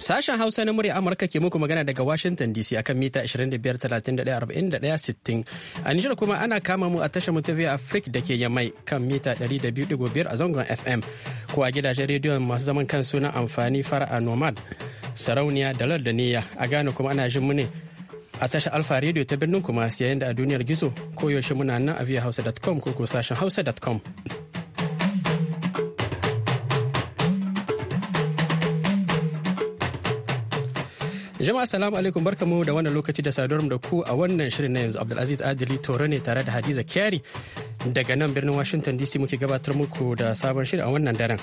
Sashen Hausa na murya Amurka ke muku magana daga Washington DC akan mita 25 31 60 A Nijar kuma ana kama mu a tashar mu ta Africa da ke Yamai kan mita 200.5 a zangon FM ko a gidajen rediyon masu zaman kansu na amfani fara'a Nomad, Sarauniya, Dalar da Niyya. A Ghana kuma ana jin mu ne a tashar Alfa rediyo ta birnin kuma yayin da a duniyar gizo ko yaushe muna nan a viahausa.com ko ko sashen hausa.com. Jama'a salamu alaikum barkamu da wannan lokaci da saduwar da ku a wannan shirin na yanzu Abdulaziz Adili Toro ne tare da Hadiza Kyari daga nan birnin Washington DC muke gabatar muku da sabon shirin a wannan daren.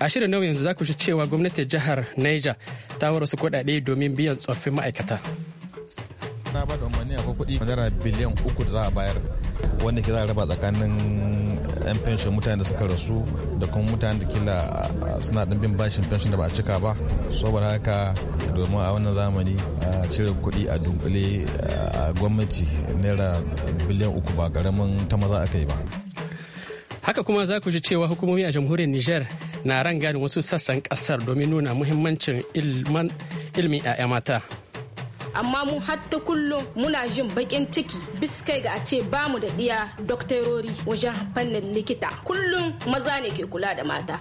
A shirin na yanzu za ku ci cewa gwamnatin jihar Niger ta warasu kuɗaɗe domin biyan tsoffin ma'aikata. na ba da umarni akwai kuɗi naira biliyan uku da za a bayar wanda ke za a raba tsakanin yan fenshin mutane da suka rasu da kuma mutane da kila suna bin bashin fenshin da ba a cika ba saboda haka domin a wannan zamani a cire kuɗi a dunkule a gwamnati naira biliyan uku ba karamin ta maza aka yi ba haka kuma za ku ji cewa hukumomi a jamhuriyar niger na rangadin wasu sassan kasar domin nuna muhimmancin ilmin 'ya'ya mata amma mu hatta kullum muna jin bakin ciki biskai ga a ce ba mu da ɗiya doktorori wajen fannin likita kullum maza ne ke kula da mata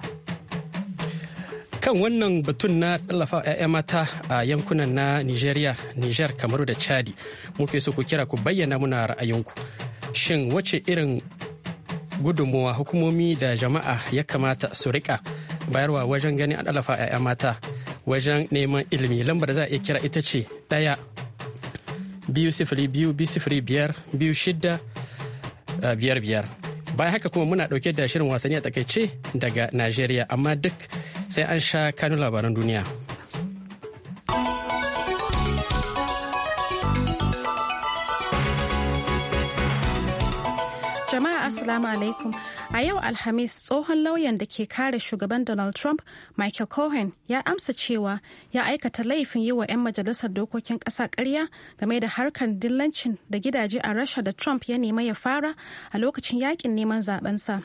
kan wannan batun na tallafa 'ya'ya mata a yankunan na nigeria niger kamaru da chadi muke so ku kira ku bayyana muna ra'ayinku shin wace irin gudunmuwa hukumomi da jama'a ya kamata su rika bayarwa wajen ganin an tallafa 'ya'ya mata wajen neman ilimi lambar za a iya kira ita ce ɗaya biyu sifili biyu biyu sifili biyar biyu shida eh, biyar biyar bayan haka kuma muna ɗauke da shirin wasanni a takaice daga najeriya amma duk sai an sha Kano labaran duniya jama'a assalamu alaikum A yau Alhamis tsohon lauyan da ke kare shugaban Donald Trump, Michael Cohen, ya amsa cewa ya aikata laifin yi wa 'yan majalisar dokokin ƙasa karya game da harkar dillancin da gidaje a Rasha da Trump ya nema ya fara a lokacin yakin neman zabensa.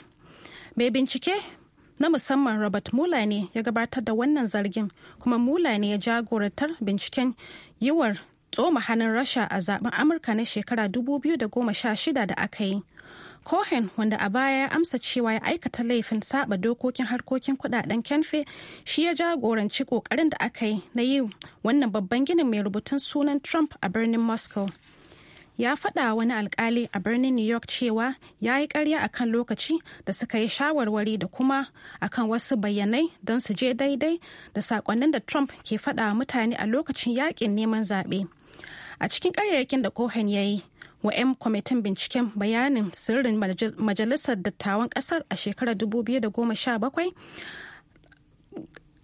Mai bincike na musamman Robert Mueller ne ya gabatar da wannan zargin, kuma Mueller ne ya jagorantar binciken yiwar tsoma hannun Rasha a zaben Amurka na shekara 2016 da aka yi. cohen wanda a baya ya amsa cewa ya aikata laifin saba dokokin harkokin kudaden kenfe shi ya jagoranci kokarin da aka yi na yi wannan babban ginin mai rubutun sunan trump a birnin moscow ya faɗa wani alkali a birnin new york cewa ya yi karya kan lokaci da suka yi shawarwari da kuma a kan wasu bayyanai don su je daidai da saƙonnin da trump ke faɗa mutane a lokacin yaƙin neman zaɓe a cikin karyayyakin da cohen ya yi wa 'yan kwamitin binciken bayanin sirrin majalisar dattawan kasar a shekarar 2017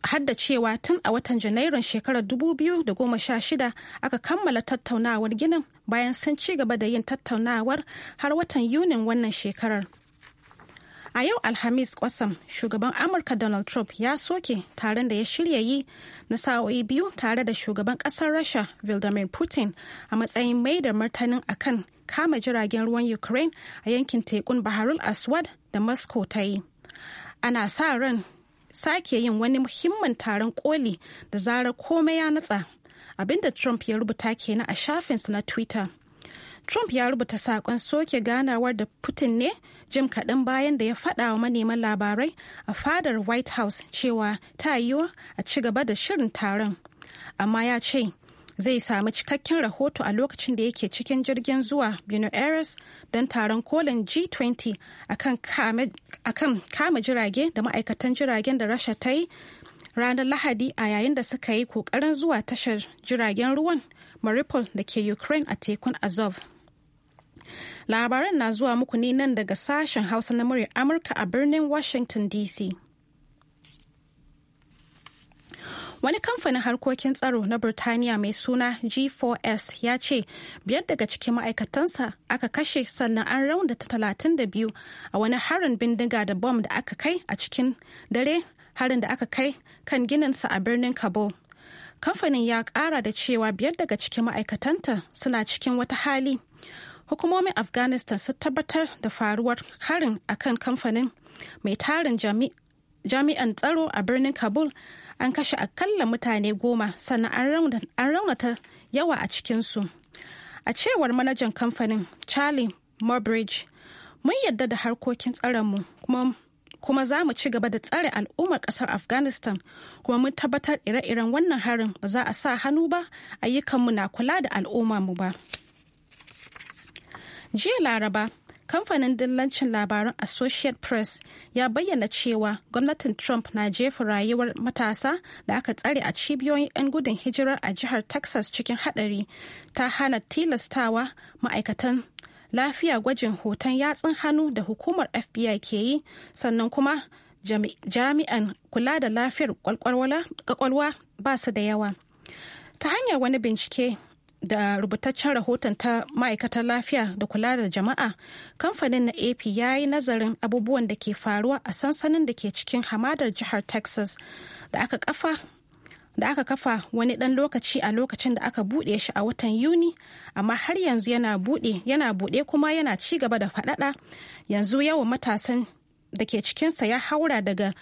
har da cewa tun a watan janairun shekarar 2016 aka kammala tattaunawar ginin bayan sun ci gaba da yin tattaunawar har watan yunin wannan shekarar. A yau Alhamis kwasam shugaban Amurka Donald Trump ya soke taron da ya shirya yi na sa'o'i biyu tare da shugaban ƙasar Rasha Vladimir Putin a matsayin mai da martanin akan kama jiragen ruwan Ukraine a yankin tekun Baharul Aswad da Moscow ta yi. Ana sa ran sake yin wani muhimman taron koli da zarar komai ya natsa abinda Trump ya rubuta kenan a shafinsa na Twitter. Trump ya rubuta saƙon soke ganawar da Putin ne jim kaɗan bayan da ya faɗa wa manema labarai a fadar White House cewa ta yiwu a ci gaba da shirin taron. Amma ya ce zai sami cikakken rahoto a lokacin da yake cikin jirgin zuwa Buenos Aires don taron kolin G20 akan kama jirage da ma'aikatan jiragen da Rasha ta yi ranar Lahadi a yayin da suka yi kokarin zuwa tashar jiragen ruwan Mariupol da ke Ukraine a tekun Azov. Labaran na zuwa muku ne nan daga sashen Hausa na muryar Amurka a birnin Washington DC. Wani kamfanin harkokin tsaro na Birtaniya mai suna G4S ya ce biyar daga cikin ma'aikatansa aka kashe sannan an ta talatin da biyu a wani harin bindiga da bom da aka kai a cikin dare harin da aka kai kan gininsa a birnin Kabul. kamfanin ya kara da cewa biyar daga cikin ma'aikatanta suna cikin wata hali hukumomin afghanistan sun tabbatar da faruwar harin akan kamfanin mai tarin jami'an tsaro a birnin kabul an kashe akalla mutane goma sannan an raunata yawa a cikinsu a cewar manajan kamfanin charlie murbridge mun yarda da harkokin tsaronmu kuma kuma za mu ci gaba da tsare al'ummar kasar afghanistan kuma mun tabbatar ire-iren wannan harin ba za a sa hannu ba ayyukanmu na kula da al'ummarmu ba jiya laraba kamfanin dillancin labaran associate press ya bayyana cewa gwamnatin trump na jefa rayuwar matasa da aka tsare a cibiyoyin 'yan gudun hijirar a jihar texas cikin hadari ta hana tilastawa ma'aikatan lafiya gwajin hoton yatsun hannu da hukumar fbi ke yi sannan kuma jami'an kula da lafiyar kwakwalwa ba su da yawa ta hanyar wani bincike da rubutaccen rahoton ta ma'aikatar lafiya da kula da jama'a kamfanin na ap ya yi nazarin abubuwan da ke faruwa a sansanin da ke cikin hamadar jihar texas da aka kafa da aka kafa wani dan lokaci a lokacin da aka buɗe shi a watan yuni amma har yanzu yana buɗe yana buɗe kuma yana ci gaba da faɗaɗa yanzu yawan matasan da ke cikinsa ya haura daga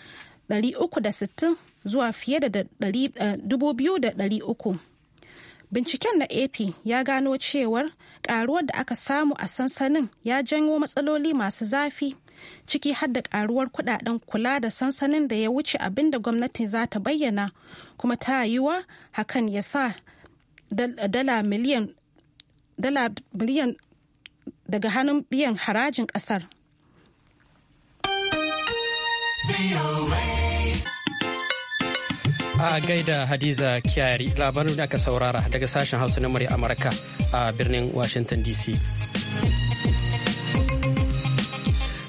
360 zuwa fiye da 2,300 Binciken na AP ya gano cewar karuwar da aka samu a sansanin ya janyo matsaloli masu zafi ciki har da karuwar kudaden kula da sansanin da ya wuce abin da gwamnati za ta bayyana kuma ta yiwa hakan ya sa dala miliyan daga hannun biyan harajin kasar. A gaida Hadiza Kyari labarin da aka saurara daga sashen Hausa na murya Amurka a birnin Washington DC.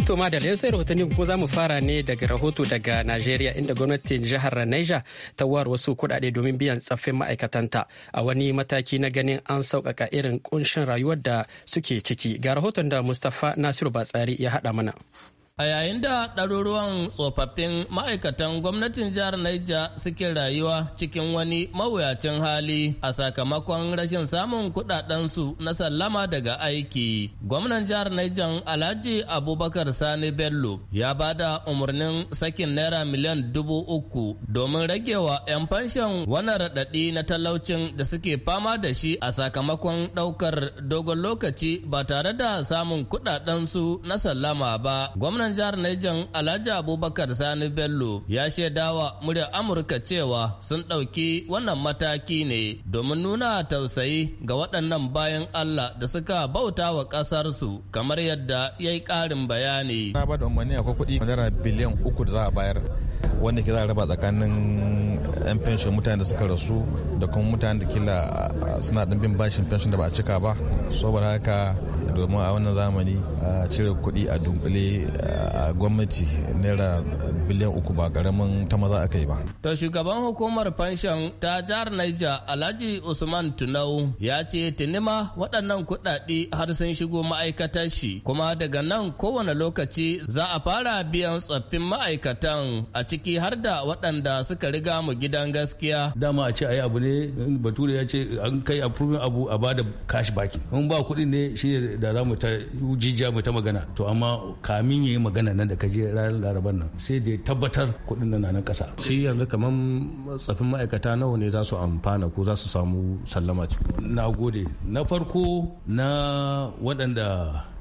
To madalla sai rahotanni kuma za mu fara ne daga rahoto daga Najeriya inda gwamnatin jihar Niger ta war wasu kudade domin biyan tsaffin ma'aikatanta a wani mataki na ganin an sauƙaƙa irin ƙunshin rayuwar da suke ciki. Ga rahoton da Mustapha Nasiru Batsari ya haɗa mana. A yayin da ɗaruruwan tsofaffin ma'aikatan gwamnatin jihar Niger suke rayuwa cikin wani mawuyacin hali a sakamakon rashin samun kuɗaɗensu na sallama daga aiki. Gwamnan jihar Niger Alhaji Abubakar Sani Bello ya ba da umarnin sakin naira miliyan dubu uku domin ragewa 'yan fanshon wani raɗaɗi na talaucin da suke fama da shi a sakamakon ɗaukar dogon lokaci ba tare da samun kuɗaɗensu na sallama ba. Gwamnan gwamnan jihar Niger Alhaji Abubakar Sani Bello ya shaidawa muryar Amurka cewa sun ɗauki wannan mataki ne domin nuna tausayi ga waɗannan bayan Allah da suka bauta wa ƙasarsu kamar yadda ya yi ƙarin bayani. Na ba da umarni akwai kuɗi madara biliyan uku da za a bayar wanda ke za a raba tsakanin 'yan fenshin mutane da suka rasu da kuma mutane da kila suna ɗan bin bashin fenshin da ba a cika ba saboda haka domin a wannan zamani a cire kuɗi a dunkule a gwamnati naira biliyan uku ba karamin ta maza aka yi ba. To shugaban hukumar fenshin ta jihar Niger Alhaji Usman Tunau ya ce tinima waɗannan kuɗaɗe har sun shigo ma'aikatar shi kuma daga nan kowane lokaci za a fara biyan tsaffin ma'aikatan a ciki har da waɗanda suka riga mu gidan gaskiya. Dama a ce ayi abu ne bature ya ce an kai approving abu a bada cash baki. In ba kuɗi ne shi da za mu ta jijiya mu ta magana. To amma kamin yayi yi magana nan da ka je ranar laraban nan sai da tabbatar kuɗin nan na ƙasa. Shi yanzu kamar tsafin ma'aikata nawa ne za su amfana ko za su samu sallama cikin Na gode. Na farko na waɗanda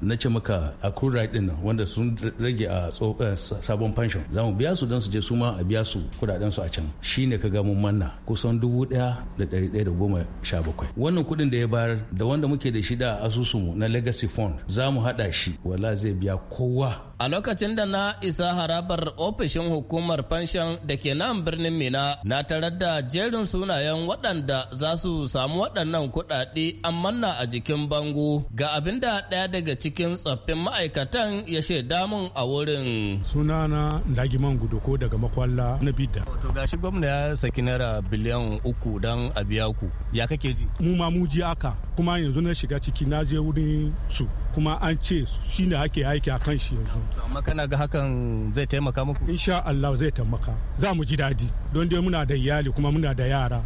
na ce maka accrued right ɗin nan wanda sun rage a eh, sabon pension. Za mu biya su don su je su ma a biya su kudaden su a can shi ne ka ga mun manna kusan dubu daya da dari daya da goma sha bakwai wannan kudin da ya bayar da wanda muke da shi da asusunmu na legacy fund za mu hada shi wala zai biya kowa A lokacin da na isa harabar ofishin hukumar fanshan da ke nan birnin Mina na tarar da jerin sunayen waɗanda za su samu waɗannan kuɗaɗe manna a jikin bango ga abin da ɗaya daga cikin tsaffin ma'aikatan ya shaida damun a wurin. Sunana Lagiman ko daga Makwalla na Bidda. To gashi gwamna ya saki naira biliyan uku don a biya ku. Ya kake ji? Mu ma mu ji aka kuma yanzu na shiga ciki na je wurin su. kuma an ce shi ne ake aiki a kan shi yanzu amma kana ga hakan zai taimaka muku insha Allah zai taimaka za mu ji dadi don dai muna da iyali kuma muna da yara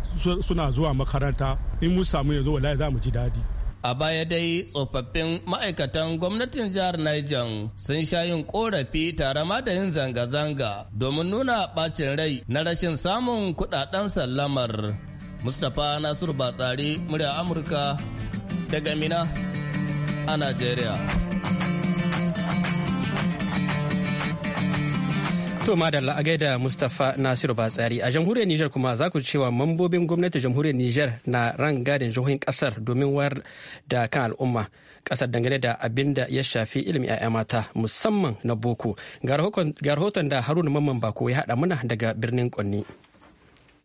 suna zuwa makaranta in mun samu yanzu wallahi za mu ji dadi A baya dai tsofaffin ma'aikatan gwamnatin jihar Niger sun sha yin korafi tare ma da yin zanga-zanga domin nuna bacin rai na rashin samun kudaden sallamar. Mustapha Nasiru Batsari, murya Amurka, daga Mina. a Najeriya. To madalla a gaida Mustapha Nasiru Batsari a jamhuriyar Nijar kuma za ku cewa mambobin gwamnatin jamhuriyar Nijar na ran gadin jihohin kasar domin wayar da kan al'umma kasar dangane da abin da ya shafi ilimi a mata musamman na boko ga rahoton da Haruna Mamman Bako ya haɗa mana daga birnin Kwanni.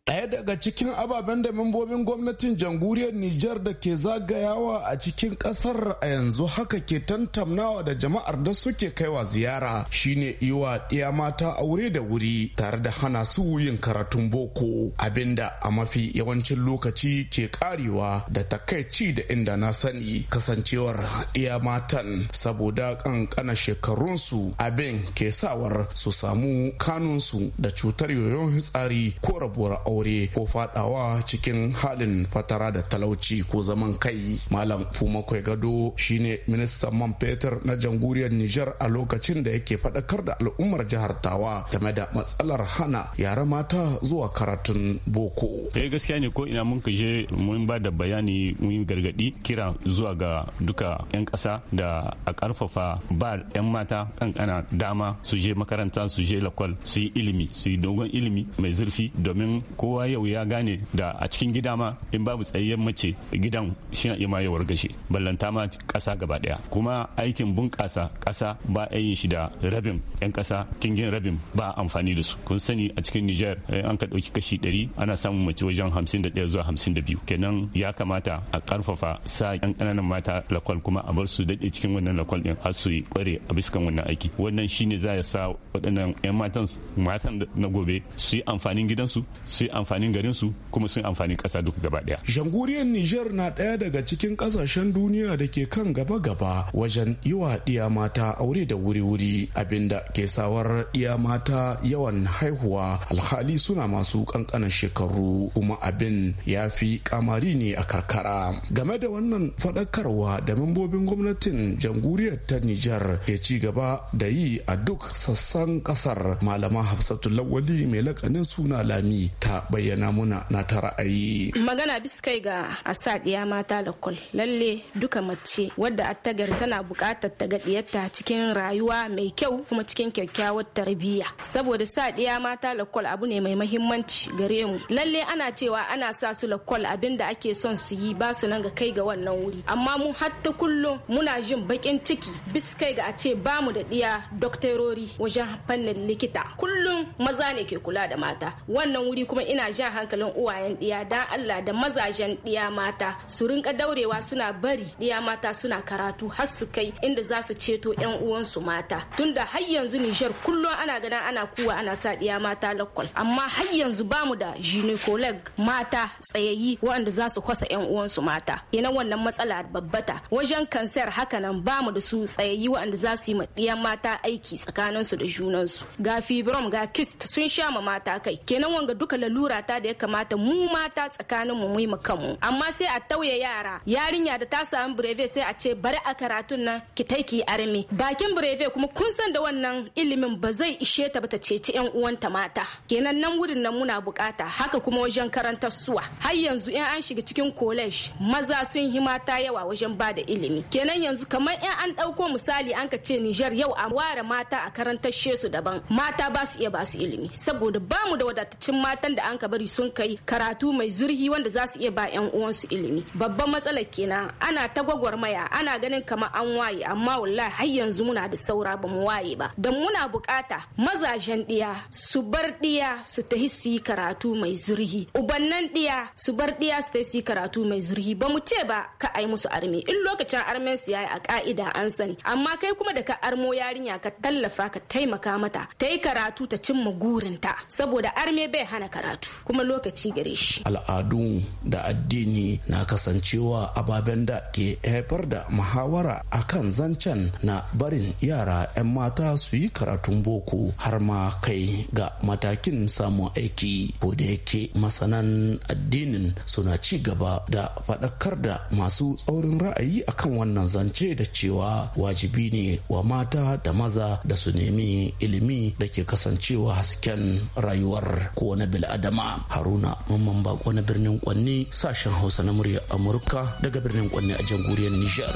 Ɗaya daga cikin ababen da membobin gwamnatin jamhuriyar Nijar da ke zagayawa a cikin ƙasar a yanzu haka ke tantamnawa da jama'ar da suke kaiwa ziyara shine iwa ɗiya mata aure da wuri tare da hana su yin karatun boko abinda a mafi yawancin lokaci ke karewa da takaici da inda na sani kasancewar ɗiya matan saboda ƙanƙana shekarunsu abin ke sawar su samu kanunsu da cutar yoyon fitsari ko rabuwar aure. aure ko fadawa cikin halin fatara da talauci ko zaman kai malam fumakwai gado shine ministan man fetur na jamhuriyar niger a lokacin da yake faɗakar da al'ummar jihar tawa game da matsalar hana yara mata zuwa karatun boko eh gaskiya ne ko ina mun je mun ba da bayani mun gargadi kira zuwa ga duka 'yan ƙasa da a karfafa ba 'yan mata kankana dama su je makaranta su je lakwal su yi ilimi su yi dogon ilimi mai zurfi domin ko kowa yau ya gane da a cikin gida ma in babu tsayayyen mace gidan shi na ma yawar gashi ballanta ma ƙasa gaba daya kuma aikin bunƙasa ƙasa ba a yin shi da rabin 'yan ƙasa kingin rabin ba amfani da su kun sani a cikin niger an ka dauki kashi 100 ana samun mace wajen 51 zuwa 52 kenan ya kamata a ƙarfafa sa 'yan ƙananan mata lakwal kuma a bar su daɗe cikin wannan lakwal ɗin har su kware a biskan wannan aiki wannan shine za ya sa waɗannan 'yan matan matan na gobe su yi amfanin gidansu su yi amfanin garin su kuma sun amfani kasa duk gaba daya jamhuriyar niger na ɗaya daga cikin ƙasashen duniya da ke kan gaba gaba wajen yi wa mata aure da wuri-wuri abinda ke sawar ɗiya mata yawan haihuwa alhali suna masu kankanan shekaru kuma abin ya fi kamari ne a karkara game da wannan faɗakarwa da membobin gwamnatin jamhuriyar ta niger ke ci gaba da yi a duk sassan ƙasar, malama hafsatu lawali mai lakanin suna lami ta bayyana muna na ta ra'ayi. Magana biskai ga sa ɗiya mata da kul lalle duka mace wadda a attagar tana buƙatar ta ga ɗiyarta cikin rayuwa mai kyau kuma cikin kyakkyawar tarbiyya saboda sa ɗiya mata lakwal abu ne mai mahimmanci gare mu lalle ana cewa ana sa su lakwal abin da ake son su yi ba su nan ga kai ga wannan wuri amma mu hatta kullum muna jin baƙin ciki biskai ga a ce ba mu da ɗiya doktorori wajen fannin likita kullum maza ne ke kula da mata wannan wuri kuma ina jan hankalin uwayen ɗiya dan Allah da mazajen ɗiya mata su rinka daurewa suna bari ɗiya mata suna karatu har su kai inda za su ceto 'yan uwansu mata tunda har yanzu Nijar kullum ana gana ana kuwa ana sa ɗiya mata lakwal amma har yanzu bamu da gynecolog mata tsayayyi waɗanda za su kwasa 'yan uwansu mata ina wannan matsala babbata wajen kansar haka nan bamu da su tsayayyi waɗanda za su yi ɗiya mata aiki tsakaninsu da junansu ga fibrom ga kist sun sha ma mata kai kenan wanga duka lalu allura ta da ya kamata mu mata tsakanin mu mu kanmu amma sai a tauye yara yarinya da ta samu breve sai a ce bari a karatun nan ki tai ki armi bakin breve kuma kun san da wannan ilimin ba zai ishe ta ba ta ceci yan uwanta mata kenan nan wurin nan muna bukata haka kuma wajen karantar suwa har yanzu in an shiga cikin college maza sun yi mata yawa wajen ba da ilimi kenan yanzu kamar in an dauko misali an ka ce nijar yau a ware mata a karantar shesu daban mata ba su iya ba su ilimi saboda ba mu da wadataccen matan da an ka bari sun kai karatu mai zurhi wanda za su iya ba 'yan uwansu ilimi babban matsalar kenan ana ta gwagwarmaya ana ganin kamar an waye amma wallahi har yanzu muna da saura ba mu waye ba don muna bukata mazajen ɗiya su bar ɗiya su ta su yi karatu mai zurhi ubannan ɗiya su bar ɗiya su ta su yi karatu mai zurhi ba mu ce ba ka ai musu arme in lokacin armen su yayi a ka'ida an sani amma kai kuma da ka armo yarinya ka tallafa ka taimaka mata ta yi karatu ta cimma gurinta saboda arme bai hana karatu karatu kuma lokaci gare shi al'adu da addini na kasancewa ababen da ke haifar da muhawara kan zancen na barin yara 'yan mata su yi karatun boko har ma kai ga matakin samun aiki ko da yake masanan addinin suna ci gaba da faɗakar da masu tsaurin ra'ayi akan wannan zance da cewa wajibi ne wa mata da maza da su nemi ilimi da ke kasancewa hasken rayuwar ko na bil'ada adama haruna mamman bako na birnin kwanni sashen hausa na murya amurka daga birnin kwanni a jamhuriyar nijar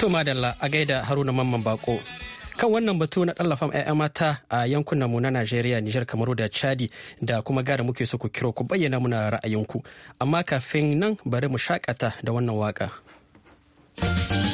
To madalla a gaida haruna mamman bako kan wannan batu na ɗallafan yayan mata a yankunan mu na Najeriya, Nijar, Kamaru da Chadi da kuma gara muke so ku kiro ku bayyana muna ra'ayinku. Amma kafin nan bari mu shakata da wannan waka. Bye.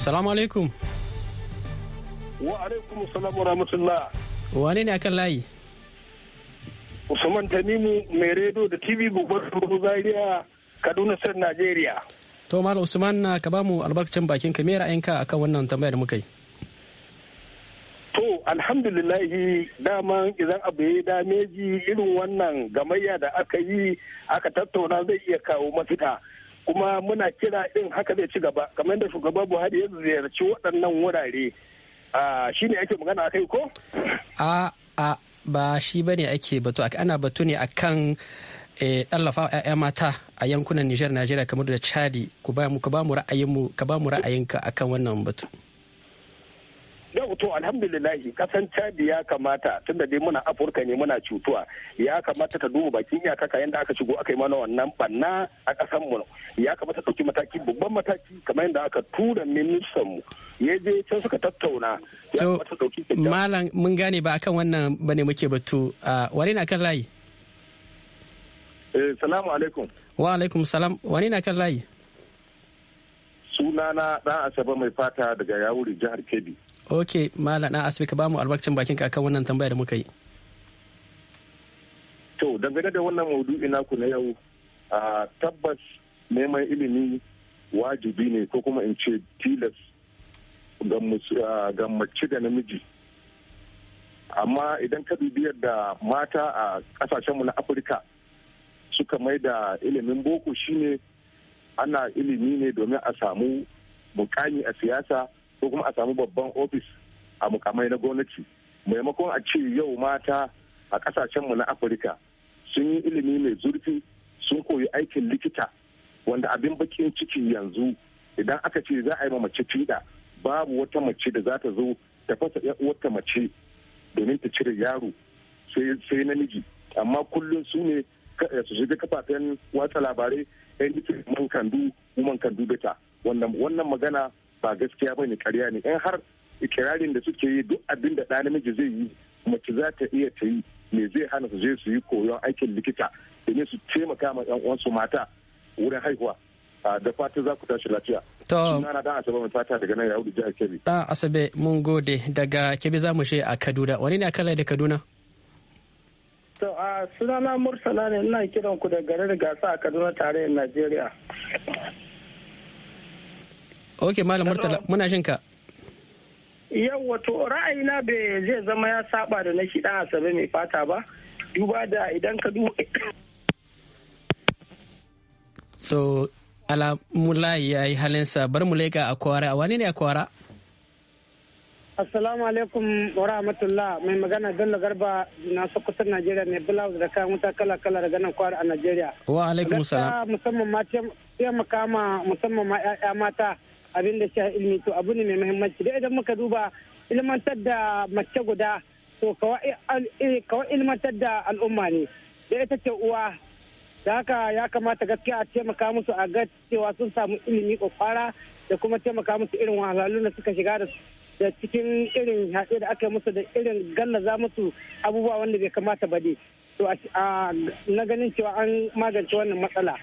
Salamu alaikum. Wa alaikum salam wa rahmatullah. Wane ne akan layi? Usman Tanimu mai redo da TV gobar Zaria Kaduna Sir Najeriya. To Malam Usman na ka bamu albarkacin bakin ka me a akan wannan tambayar muka yi? To alhamdulillahi dama idan abu ya dameji irin wannan gamayya da aka yi aka tattauna zai iya kawo mafita. kuma muna kira in haka zai ci gaba kamar da shugaba buhari ya ziyarci waɗannan wurare shi ne ake magana akai ko a a ba shi ba ne ake batu ana batu ne akan eh, ɗallafa wa 'ya'ya mata a yankunan nijar najeriya kamar da chadi ku ka ba mu ra'ayinka akan wannan batu yau to alhamdulillahi kasan chadi ya kamata tun da dai muna afirka ne muna cutuwa ya kamata ta duba bakin ya kaka yadda aka shigo aka yi mana wannan banna a kasan mu ya kamata ta mataki babban mataki kamar yadda aka tura ministan mu ya je can suka tattauna ya kamata malam mun gane ba akan wannan bane muke batu wani na kan layi eh, salamu alaikum wa alaikum salam wani na kan layi sunana dan asabe mai fata daga yawuri jihar kebbi ok na asibi ka bamu albarkacin bakin ka akan wannan tambaya da muka yi to dangane da wannan maudu'i ku na yau a tabbas neman ilimi wajibi ne ko kuma in ce tilas ga mace da namiji amma idan ka bibiyar da mata a kasashenmu na afirka suka mai da ilimin boko shine ana ilimi ne domin a samu mukami a siyasa ko kuma a samu babban ofis a mukamai na gwamnati maimakon a ce yau mata a kasashenmu na afirka sun yi ilimi mai zurfi sun koyi aikin likita wanda abin bakin ciki yanzu idan aka ce za a yi ma mace fiɗa babu wata mace da za ta zo ta fasa wata mace domin ta cire yaro sai namiji amma kullum su ne su shiga kafafen watsa labarai yan jikin man kandu woman kandu beta wannan magana ba gaskiya bane karya ne in har ikirarin da suke yi duk abin da namiji zai yi mace za ta iya ta yi me zai hana su je su yi koyon aikin likita domin su taimaka ma yan uwansu mata wurin haihuwa ah, da fata za ku tashi lafiya. To, na Asabe daga nan jihar mun gode daga Kebbi za mu a Kaduna. Wani ne akan da Kaduna? To, a sunana Murtala ne ina kiran ku da garin gasa a Kaduna tarayyar Najeriya. ok malam murtala muna jin ka yau wato ra'ayina be zai zama ya saba da na shi dan asabe mai fata ba duba da idan ka duba so alamulayi ya yi halinsa bar mu leka a kwara wani ne a kwara assalamu alaikum wa rahmatullah mai magana bello garba na sokoto najeriya ne blouse da kayan wuta kala kala daga nan kwara a najeriya wa alaikum salam musamman ma taimaka ma musamman ma 'ya'ya mata abin da sha ilmi to abu ne mai muhimmanci da idan muka duba ilmantar da mace guda to kawai ilmantar da al'umma ne da ita ce uwa da haka ya kamata gaskiya a taimaka musu a ga cewa sun samu ilimi kwakwara da kuma taimaka musu irin wahalhalun da suka shiga da cikin irin haɗe da aka yi musu da irin gallaza musu abubuwa wanda bai kamata ba ne to na ganin cewa an magance wannan matsala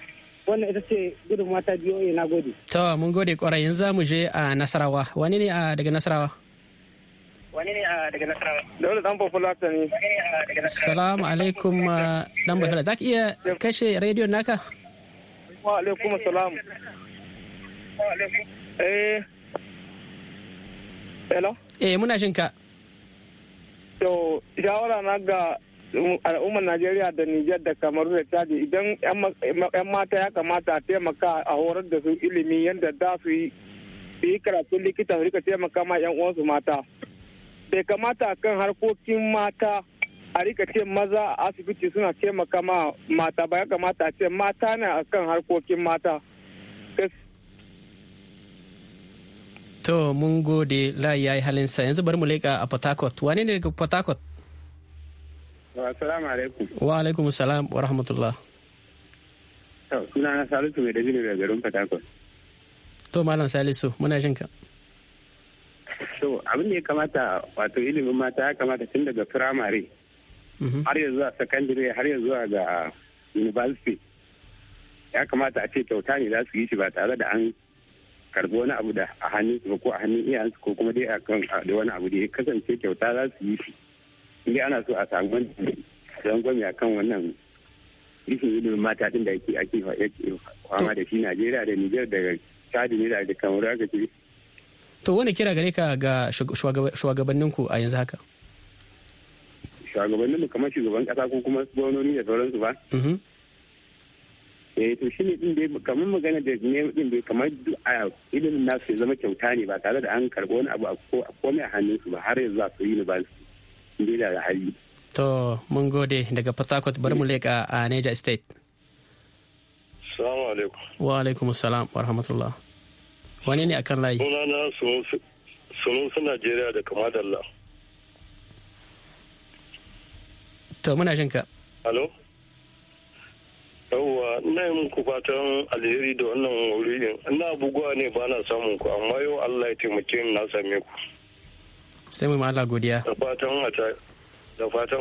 wannan ita ce gudun mata BOA na gode. To mun gode kwarai yanzu za mu je a Nasarawa wani ne a daga Nasarawa? Wani ne a daga Nasarawa? Dole dan Bafulata ne. Salamu alaikum dan Bafulata za ka iya kashe rediyo naka? Wa alaikum salam. Eh. Hello? Eh muna shinka. To shawara na ga al'ummar najeriya da nijar da kamaru da chadi idan 'yan mata ya kamata a taimaka a horar da su ilimi yadda za su yi karatun likita su rika taimaka ma 'yan uwansu mata bai kamata kan harkokin mata a rika ce maza a asibiti suna taimaka ma mata ba ya kamata a ce mata ne a kan harkokin mata to mun gode layi ya yi halinsa yanzu bari mu leƙa a port harcourt wane ne daga port Assalamu alaikum. Wa alaikum salam wa rahmatullah. Suna na Salisu mai dajini daga garin Fatakwal. To Malam Salisu muna jin ka. To abin da ya kamata wato ilimin mata ya kamata tun daga firamare mhm. har yanzu a sakandire har yanzu a ga university ya kamata a ce kyauta ne za su yi shi ba tare da an karbi wani abu da a hannun ko a hannun iyayensu ko kuma dai a kan da wani abu da ya kasance kyauta za su yi shi. inda ana so a samu don ya a kan wannan rikin ilimin mata din da ake ake fama da shi Najeriya da Nijar daga Chad ne da kamar haka ce. To wani kira gare ka ga ku a yanzu haka? Shugabanninmu kamar shugaban kasa ko kuma gwamnoni da sauransu ba? Mm-hmm. eh to ne din dai kamar magana da ne din dai kamar a ilimin nasu ya zama kyauta ne ba tare da an karɓi wani abu a komai a hannunsu ba har yanzu a su yi university yana da hali to mun gode daga port harcourt bari mu leƙa a niger state salamu alaikum wa alaikum salam wa rahmatullah wani ne akan layi sunana sunun su najeriya da kama kamadalla to muna jin ka halo yawwa ina yi muku fatan alheri da wannan wuri ina buguwa ne ba na samun ku amma yau allah ya taimake ni na same ku sai mai ma Allah godiya da fatan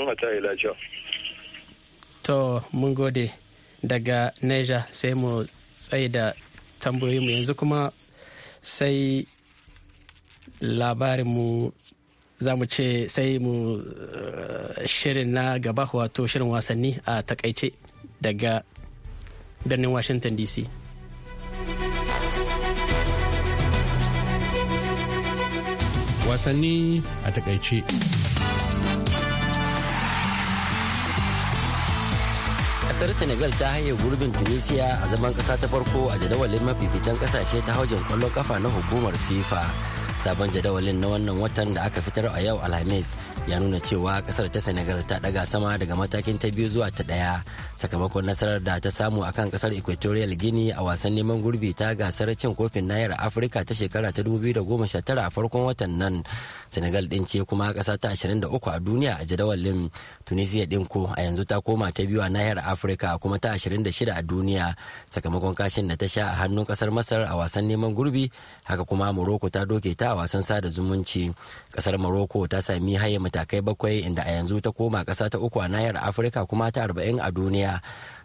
wata da to mun gode daga Niger sai mu tsaye da mu yanzu kuma sai labarinmu za mu ce sai mu eh, shirin na gaba wato shirin wasanni a takaice daga birnin washington dc wasanni a takaice. kasar senegal ta haye gurbin tunisia a zaman kasa ta farko a jadawalin mafificin kasashe ta haujen kwallon kafa na hukumar fifa sabon jadawalin na wannan watan da aka fitar a yau alhamis ya nuna cewa kasar ta senegal ta daga sama daga matakin ta biyu zuwa ta daya sakamakon nasarar da ta samu a kan kasar equatorial guinea a wasan neman gurbi ta gasar cin kofin nayar afirka ta shekara ta 2019 a farkon watan nan senegal din ce kuma kasa ta 23 a duniya a jadawalin tunisia din ko a yanzu ta koma ta biyu a nahiyar afirka kuma ta 26 a duniya sakamakon kashin da ta sha a hannun kasar masar a wasan neman gurbi haka kuma morocco ta doke ta wasan sada zumunci kasar morocco ta sami haye matakai bakwai inda a yanzu ta koma kasa ta uku a nahiyar afirka kuma ta arba'in a duniya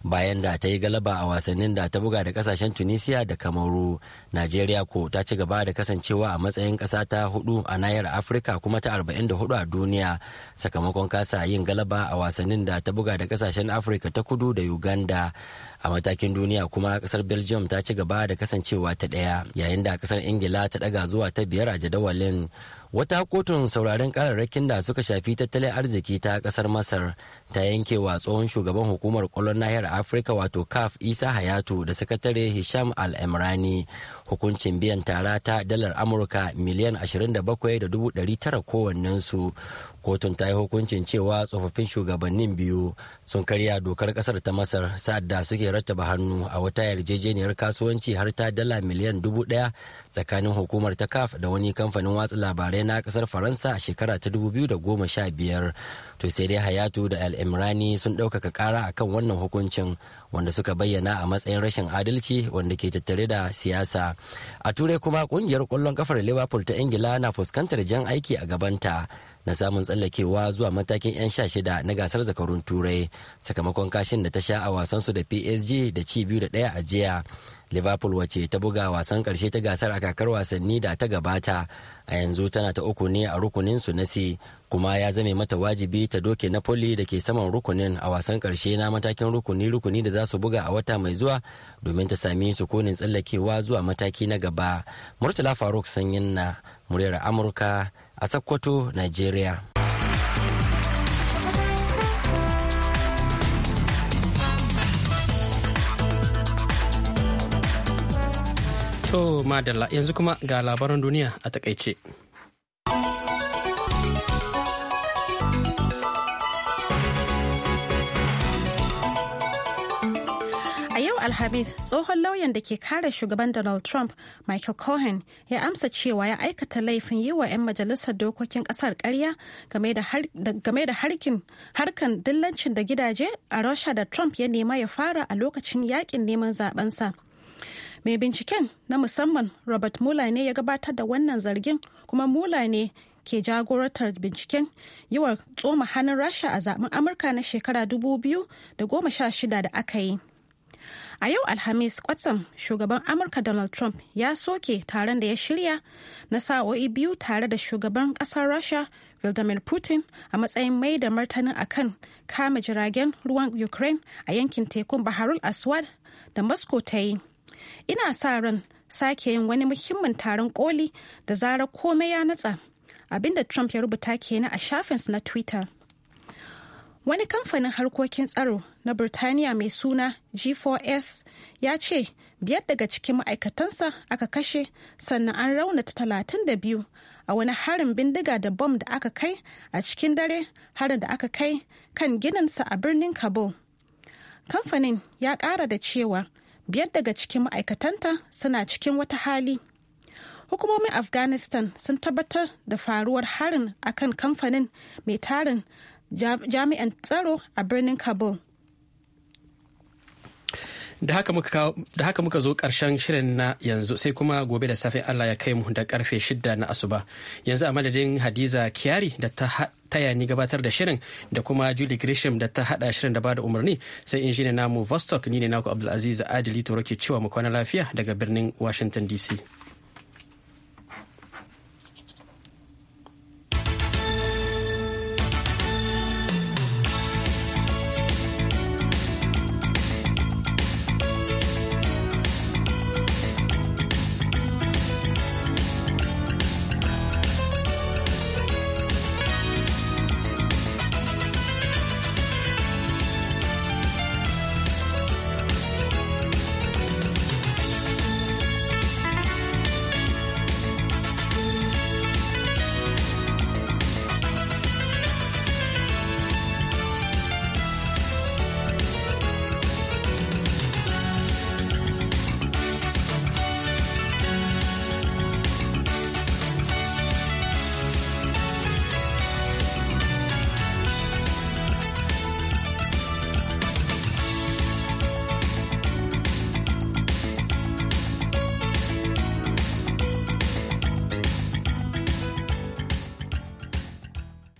bayan da ta yi galaba a wasannin da ta buga da kasashen tunisia da kamaru najeriya ko ta ci gaba da kasancewa a matsayin ƙasa ta hudu a nahiyar afirka kuma ta 44 a duniya sakamakon kasa yin galaba a wasannin da ta buga da kasashen afirka ta kudu da uganda a matakin duniya kuma kasar belgium ta ci gaba da kasancewa ta ɗaya yayin da kasar ingila ta ɗaga zuwa ta biyar a jadawalin wata kotun sauraren kararrakin da suka shafi tattalin arziki ta kasar masar ta yanke wa tsohon shugaban hukumar kwallon nahiyar afirka wato caf isa hayatu da sakatare hisham al-emrani hukuncin biyan tara ta dalar amurka miliyan 27,900 kowannensu kotun ta yi hukuncin cewa tsofaffin shugabannin biyu sun karya dokar kasar ta masar sa'ad da suke rattaba hannu a wata yarjejeniyar kasuwanci har ta dala miliyan dubu daya tsakanin hukumar ta caf da wani kamfanin watsa labarai na kasar faransa a shekara ta 2015 to sai dai hayatu da al'imrani sun ɗaukaka ƙara akan wannan hukuncin wanda suka bayyana a matsayin rashin adalci wanda ke tattare da siyasa a turai kuma ƙungiyar ƙwallon ƙafar liverpool ta ingila na fuskantar jan aiki a gabanta na samun tsallakewa zuwa matakin 'yan sha shida na gasar zakarun turai sakamakon kashin da ta sha a wasansu da psg da ci biyu da ɗaya a jiya liverpool wace ta buga wasan karshe ta gasar a kakar wasanni da ta gabata a yanzu tana ta uku ne a rukunin su na c kuma ya zame mata wajibi ta doke napoli da ke saman rukunin a wasan karshe na matakin rukuni rukuni da za su buga a wata mai zuwa domin ta sami sukunin tsallakewa zuwa mataki na gaba murtala faruk sanyin na muryar amurka a sokoto nigeria to madalla yanzu kuma ga labaran duniya a takaice Alhamis tsohon lauyan da ke kare shugaban Donald Trump Michael Cohen ya amsa cewa ya aikata laifin yi wa 'yan majalisar dokokin kasar karya game da harkan dillancin da gidaje a Rasha da Trump ya nema ya fara a lokacin yakin neman zabensa. Mai binciken na musamman Robert mula ne ya gabatar da wannan zargin kuma mula ne ke jagorantar binciken wa tsoma hannun rasha a zaben amurka na shekara 2016 da aka yi A yau Alhamis kwatsam shugaban Amurka Donald Trump ya soke taron da ya shirya na sa'o'i biyu tare da shugaban ƙasar Rasha Vladimir Putin a matsayin mai da martanin akan kama jiragen ruwan Ukraine a yankin tekun Baharul Aswad da Moscow ta yi. Ina sa ran sake yin wani muhimmin taron koli da zarar komai ya natsa abinda Trump ya rubuta kenan a shafinsa na Twitter. wani kamfanin harkokin tsaro na burtaniya mai suna g4s ya ce biyar daga cikin ma'aikatansa aka kashe sannan an raunata talatin da biyu a wani harin bindiga da bom da aka kai a cikin dare harin da aka kai kan gininsa a birnin kabul kamfanin ya kara da cewa biyar daga cikin ma'aikatanta suna cikin wata hali hukumomin afghanistan sun tabbatar da faruwar harin akan kamfanin mai tarin jami'an tsaro a birnin kabul da haka muka zo karshen shirin na yanzu sai kuma gobe da safe allah ya kai mu da karfe shida na asuba yanzu a madadin hadiza kiyari da ta taya ni gabatar da shirin da kuma julie grisham da ta hada shirin da ba da umarni sai injiniya namu vostok ni ne naku abdulaziz adili toro ke cewa mu kwana lafiya daga birnin washington dc